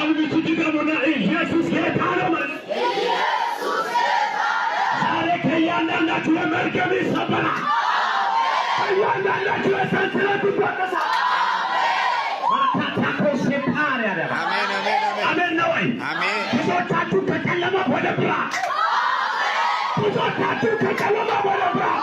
አልብሱ ድገሙና ኢየሱስ ጌታ ነው ማለት ዛሬ ከእያንዳንዳችሁ የመርገም ይሰበራል። ከእያንዳንዳችሁ የሰንሰለት ይቆረሳል። አሜን ነው ወይ? ብዙዎቻችሁ ከጨለማ ወደ ብርሃን፣ ብዙዎቻችሁ ከጨለማ ወደ ብርሃን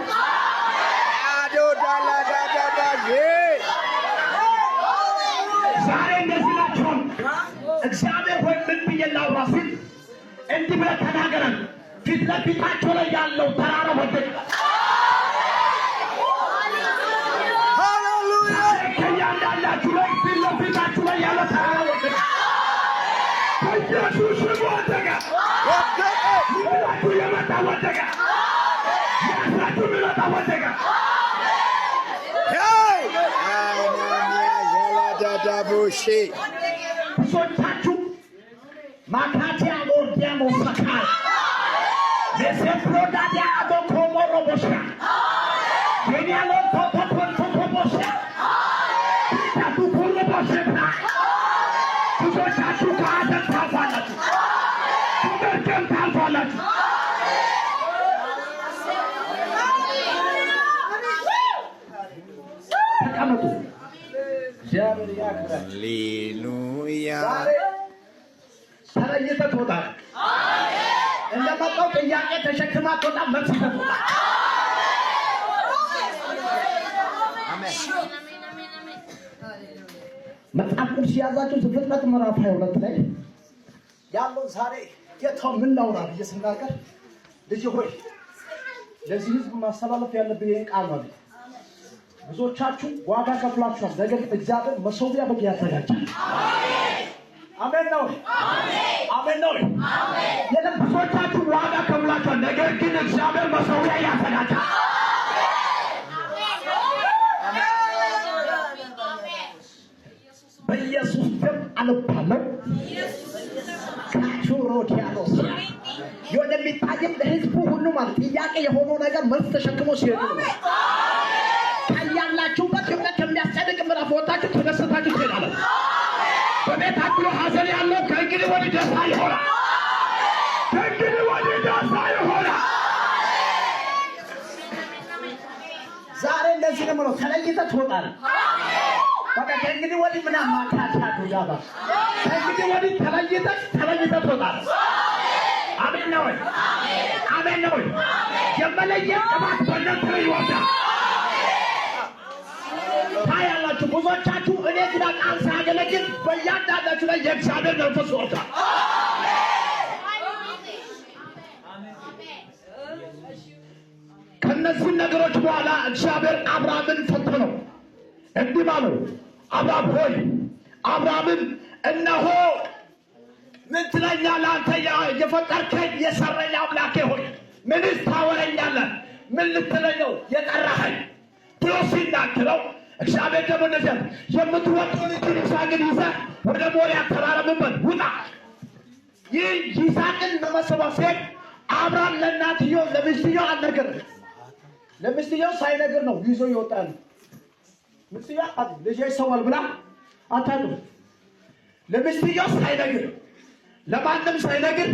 እየላወራ ሲል እንዲህ ብለህ ተናገረን። ፊት ለፊታቸው ላይ ያለው ተራራ ወደቀ። ከእያንዳንዳችሁ ላይ ፊት ለፊታችሁ ላይ ያለው ተራራ ወደቀ። በኢየሱስ ስም ወደቀ። ይብላችሁ የመጣ ወደቀ። ያስራችሁ የሚመጣ ወደቀ። ዳቦሼ makati angordiamo sakala neseprodade adokomorobosha genialotototontotobosha pitatukuroboshebra tuzotatukaatantavalatu tugerkentanvalatu ተቀመጡ እግዚአብሔር ያክብራችሁ ሃሌሉያ ተለይተህ ትወጣለህ። እንደመጣው ጥያቄ ተሸክማ ትወጣ መልስ ትወጣ። መጽሐፍ ቅዱስ የያዛችሁ ዘፍጥረት ምዕራፍ ሀያ ሁለት ላይ ያለው ዛሬ ጌታው ምን ላውራ ብዬ ስናገር ልጅ ሆይ ለዚህ ህዝብ ማስተላለፍ ያለብህ ይህን ቃል ነው። ብዙዎቻችሁ ዋጋ ከፍላችኋል። ነገር እግዚአብሔር መሰዊያ በግ ያዘጋጃል። አሜን ነው። አሜን ነው። የለበሶቻችሁ ዋጋ ከሙላችኋል፣ ነገር ግን እግዚአብሔር መሠዊያ ያፈናጫል። በኢየሱስ ደም አልባለው ሮዲያኖስ የሆነ የሚታይም ለህዝቡ ሁሉ ማለት ጥያቄ የሆነው ነገር መልስ ተሸክሞ ሲሄዱ ከያላችሁበት የሆነ ከሚያስጨንቅ ምዕራፍ ወጥታችሁ ተደስታችሁ ትሄዳላችሁ። ዛሬ እንደዚህ ነው ብሎ ተለይተህ ትወጣለህ። በቃ ከእንግዲህ ወዲህ ከእንግዲህ ወዲህ ተለይተህ ተለይተህ ትወጣለህ። አሜን ነው አሜን ነው። የመለየት ቅባት ብዙዎቻችሁ እኔ ስለ በእያንዳንዳችሁ ላይ የእግዚአብሔር መንፈስ ከእነዚህ ነገሮች በኋላ እግዚአብሔር አብርሃምን ፈተነው እንዲህ አሉ፣ አብርሃም ሆይ አብርሃምን እነሆ ምን ትለኛለህ? አንተ የፈጠርከኝ የሰረኝ አምላኬ ሆይ ምንስ ታወረኛለህ? ምን ልትለኘው የጠራኸኝ ብሎ ሲናገረው እግዚአብሔር ደግሞ ነገር የምትወደው ልጅን ይስሐቅን ይዘህ ወደ ሞሪያ ተራራ ውጣ። ይህ ይስሐቅን ለመሰባሰብ አብርሃም ለእናትዮ ለሚስትዮ አልነገረም። ለምስትየው ሳይነግር ነው ይዞ ይወጣ ነው። ምስትየው ልጅ ይሰዋል ብላ አታውቅም። ለምስትየው ሳይነግር ለማንም ሳይነግር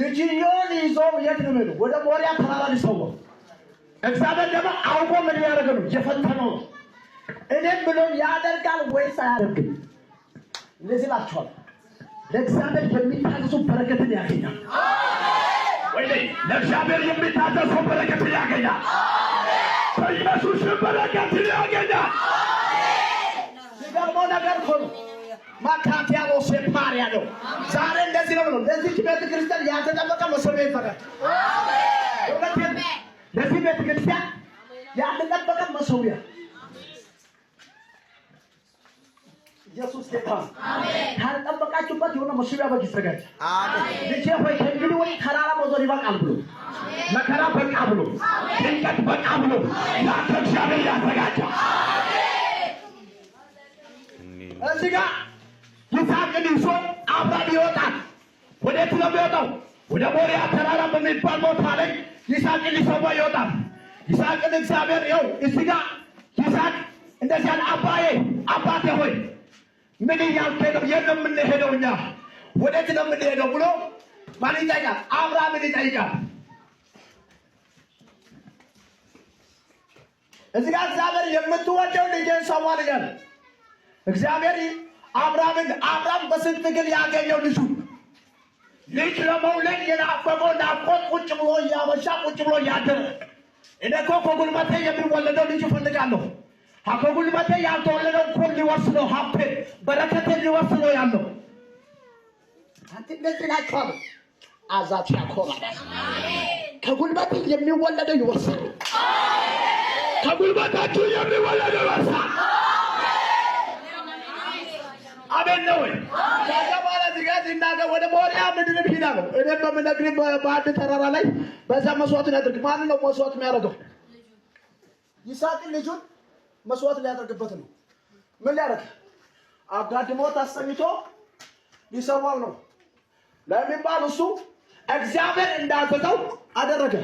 ልጅየውን ይዞ የት ነው ወደ ሞሪያ ተራራ ሊሰዋው። እግዚአብሔር ደግሞ አውቆ ምን ያደረገ ነው? እየፈተነው ነው። እኔም ብሎ ያደርጋል ወይስ አያደርግም? እንደዚህ ላቸዋል ለእግዚአብሔር የሚታገሱ በረከትን ያገኛል። ለእግዚአብሔር የሚታደሱ በረከት ያገኛል። በኢየሱስ በረከት ያገኛል። ደግሞ ነገር እኮ ነው ማካፊያ ነው ዛሬ እንደዚህ ነው ነው ለዚች ቤተ ያልተጠበቀ መሰቢያ ይፈራል። ለዚህ ቤተ ያልተጠበቀ መሰቢያ ኢየሱስ ጌታ ካልጠበቃችሁበት የሆነ መሽቢያ በግ ይዘጋጃል። ልጄ ሆይ ከእንግዲህ ወዲህ ተራራ መዞር ይበቃል ብሎ መከራ በቃ ብሎ ጭንቀት በቃ ብሎ ለአንተ እግዚአብሔር ያዘጋጃ። እዚህ ጋር ይስሐቅን ይዞ አብራም ይወጣል። ወዴት ነው የሚወጣው? ወደ ሞሪያ ተራራ በሚባል ቦታ ላይ ይስሐቅን ሊሰዋ ይወጣል። ይስሐቅን እግዚአብሔር ይኸው እዚህ ጋር ይስሐቅ እንደዚህ አለ፣ አባዬ አባቴ ሆይ ምን እያልከ ነው? የት ነው የምንሄደው? እኛ ወዴት ነው የምንሄደው ብሎ ማን ይጠይቃል? አብርሃምን ይጠይቃል። እዚህ ጋር እግዚአብሔር የምትወደው ልጄን ሰሟን እያለ እግዚአብሔር አብርሃምን አብርሃም በስንት ትግል ያገኘው ልጁ ልጅ ለመውለድ የናፈቀው ናፍቆት ቁጭ ብሎ እያመሻ ቁጭ ብሎ እያደረ እኔ እኮ ከጉልበቴ የሚወለደው ልጅ እፈልጋለሁ አፈጉልበቴ ያልተወለደው እኮ ሊወርስ ነው ሀብቴ በረከቴ ሊወርስ ነው ያለው። አንተ እንደዚህ ናቸው አሉ አዛት ያዕቆብ አለ ከጉልበት የሚወለደው ይወርሳል። ከጉልበታችሁ የሚወለደው ይወርሳል። አሜን ነው ወይ? ከዛ በኋላ ሲናገር ወደ ሞሪያ ምድር ሂድ አለው። እኔም በምነግርህ በአንድ ተራራ ላይ በዛ መስዋዕት ያድርግ። ማን ነው መስዋዕት የሚያደርገው? ይስሐቅን ልጁን መስዋዕት ሊያደርግበት ነው። ምን ሊያደርግ አጋድሞ ታሰኝቶ ሊሰዋው ነው ለሚባል እሱ እግዚአብሔር እንዳዘዘው አደረገ።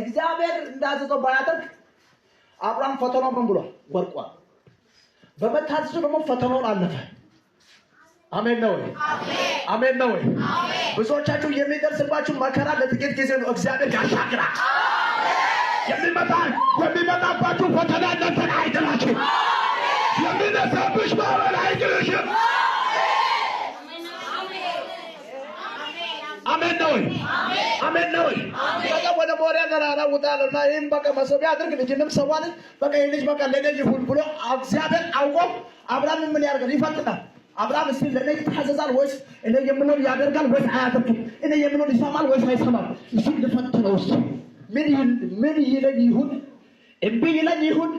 እግዚአብሔር እንዳዘዘው ባያደርግ አብርሃም ፈተናው ምን ብሏል? ወርቋል። በመታዘዙ ደግሞ ፈተናውን አለፈ። አሜን ነው ወይ? አሜን ነው ወይ? ብዙዎቻችሁ የሚደርስባችሁ መከራ ለጥቂት ጊዜ ነው፣ እግዚአብሔር ያሻግራል። የሚመጣ የሚመጣባችሁ ፈተና እናንተን አይጥላችሁ። የሚነሳብሽ ማዕበል አይጥልሽም። አሜን ነው አሜን ነው። በቃ ወደ ሞሪያ ገራራ ውጣልና ይህን በቃ መሰቢያ አድርግ ልጅንም ሰዋልን በቃ ይህ ልጅ በቃ ለኔ ይሁን ብሎ እግዚአብሔር አውቆ አብርሃም ምን ያደርጋል? ይፈትናል። አብርሃም እስቲ ለእኔ ይታዘዛል ወይስ እኔ የምለው ያደርጋል ወይስ አያደርግም? እኔ የምለው ይሰማል ወይስ አይሰማም? እሱ ልፈትነው እሱ ምን ይለኝ ይሁን እምቢ ይለኝ ይሁን